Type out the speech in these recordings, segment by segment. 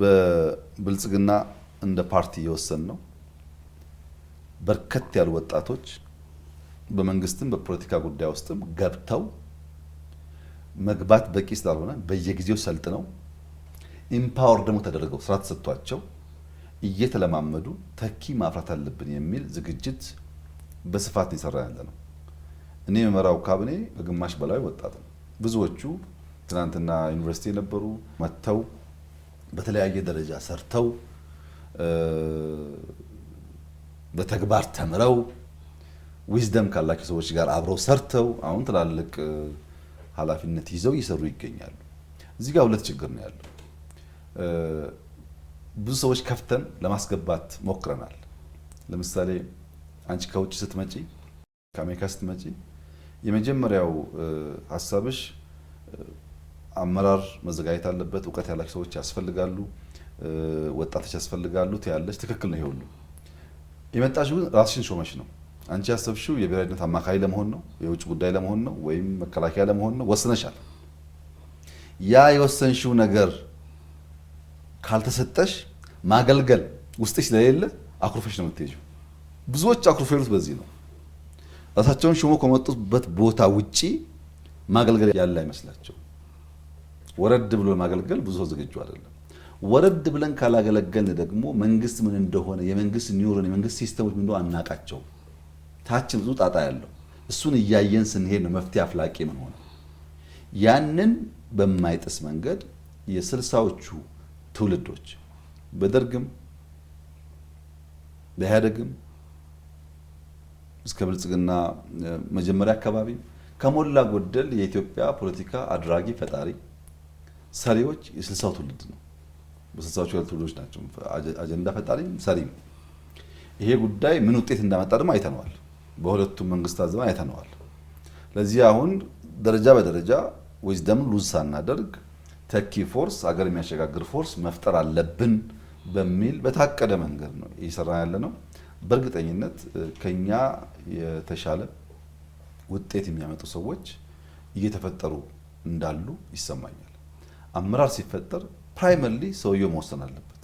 በብልጽግና እንደ ፓርቲ የወሰን ነው። በርከት ያሉ ወጣቶች በመንግስትም በፖለቲካ ጉዳይ ውስጥም ገብተው መግባት በቂ ስላልሆነ በየጊዜው ሰልጥነው ኢምፓወር ደግሞ ተደርገው ስራ ተሰጥቷቸው እየተለማመዱ ተኪ ማፍራት አለብን የሚል ዝግጅት በስፋት እየሰራ ያለ ነው። እኔ የመራው ካቢኔ በግማሽ በላይ ወጣት ነው። ብዙዎቹ ትናንትና ዩኒቨርሲቲ የነበሩ መጥተው በተለያየ ደረጃ ሰርተው በተግባር ተምረው ዊዝደም ካላቸው ሰዎች ጋር አብረው ሰርተው አሁን ትላልቅ ኃላፊነት ይዘው እየሰሩ ይገኛሉ። እዚህ ጋር ሁለት ችግር ነው ያለው። ብዙ ሰዎች ከፍተን ለማስገባት ሞክረናል። ለምሳሌ አንቺ ከውጭ ስትመጪ፣ ከአሜሪካ ስትመጪ የመጀመሪያው ሀሳብሽ አመራር መዘጋጀት አለበት። እውቀት ያላቸው ሰዎች ያስፈልጋሉ፣ ወጣቶች ያስፈልጋሉ ትያለች። ትክክል ነው። ይሄ ሁሉ የመጣችው ግን ራስሽን ሾመሽ ነው። አንቺ ያሰብሽው የብሔራዊ ደህንነት አማካሪ ለመሆን ነው፣ የውጭ ጉዳይ ለመሆን ነው፣ ወይም መከላከያ ለመሆን ነው። ወስነሻል። ያ የወሰንሽው ነገር ካልተሰጠሽ ማገልገል ውስጥሽ ስለሌለ አኩርፈሽ ነው የምትሄጂው። ብዙዎች አኩርፈው በዚህ ነው። ራሳቸውን ሾሞ ከመጡበት ቦታ ውጪ ማገልገል ያለ አይመስላቸው ወረድ ብሎ ማገልገል ብዙ ሰው ዝግጁ አይደለም። ወረድ ብለን ካላገለገልን ደግሞ መንግስት ምን እንደሆነ የመንግስት ኒውሮን የመንግስት ሲስተሞች ምን እንደሆነ አናቃቸው። ታች ብዙ ጣጣ ያለው እሱን እያየን ስንሄድ ነው መፍትሄ አፍላቂ ምን ሆነ። ያንን በማይጥስ መንገድ የስልሳዎቹ ትውልዶች በደርግም በኢህአደግም እስከ ብልጽግና መጀመሪያ አካባቢ ከሞላ ጎደል የኢትዮጵያ ፖለቲካ አድራጊ ፈጣሪ ሰሪዎች የስልሳው ትውልድ ነው። በስልሳዎቹ ያሉ ትውልዶች ናቸው አጀንዳ ፈጣሪም ሰሪም። ይሄ ጉዳይ ምን ውጤት እንዳመጣ ደግሞ አይተነዋል። በሁለቱም መንግስታት ዘመን አይተነዋል። ለዚህ አሁን ደረጃ በደረጃ ዊዝደም ሉዝ ሳናደርግ ተኪ ፎርስ አገር የሚያሸጋግር ፎርስ መፍጠር አለብን በሚል በታቀደ መንገድ ነው እየሰራ ያለ ነው። በእርግጠኝነት ከኛ የተሻለ ውጤት የሚያመጡ ሰዎች እየተፈጠሩ እንዳሉ ይሰማኛል። አመራር ሲፈጠር ፕራይመርሊ ሰውየው መወሰን አለበት።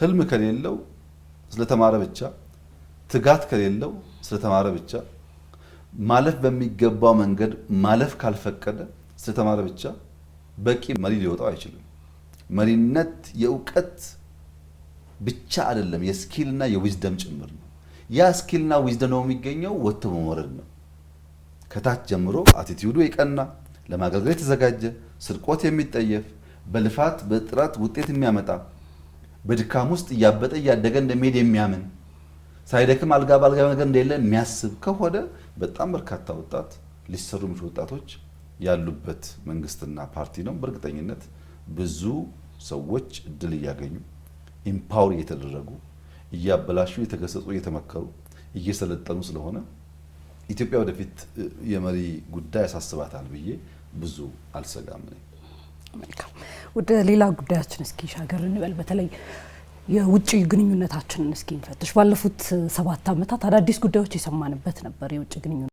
ህልም ከሌለው ስለተማረ ብቻ፣ ትጋት ከሌለው ስለተማረ ብቻ፣ ማለፍ በሚገባው መንገድ ማለፍ ካልፈቀደ ስለተማረ ብቻ በቂ መሪ ሊወጣው አይችልም። መሪነት የእውቀት ብቻ አይደለም፣ የስኪልና የዊዝደም ጭምር ነው። ያ ስኪልና ዊዝደም ነው የሚገኘው ወጥቶ በመውረድ ነው። ከታች ጀምሮ አቲቲዩዱ የቀና ለማገልገል የተዘጋጀ ስርቆት የሚጠየፍ በልፋት በጥራት ውጤት የሚያመጣ በድካም ውስጥ እያበጠ እያደገ እንደሚሄድ የሚያምን ሳይደክም አልጋ በአልጋ ነገር እንደሌለ የሚያስብ ከሆነ በጣም በርካታ ወጣት ሊሰሩ የሚችሉ ወጣቶች ያሉበት መንግስትና ፓርቲ ነው። በእርግጠኝነት ብዙ ሰዎች እድል እያገኙ ኢምፓወር እየተደረጉ እያበላሹ እየተገሰጹ እየተመከሩ እየሰለጠኑ ስለሆነ ኢትዮጵያ ወደፊት የመሪ ጉዳይ ያሳስባታል ብዬ ብዙ አልሰጋም ነኝ። ወደ ሌላ ጉዳያችን እስኪ ሻገር እንበል። በተለይ የውጭ ግንኙነታችንን እስኪ እንፈትሽ። ባለፉት ሰባት ዓመታት አዳዲስ ጉዳዮች የሰማንበት ነበር የውጭ ግንኙነት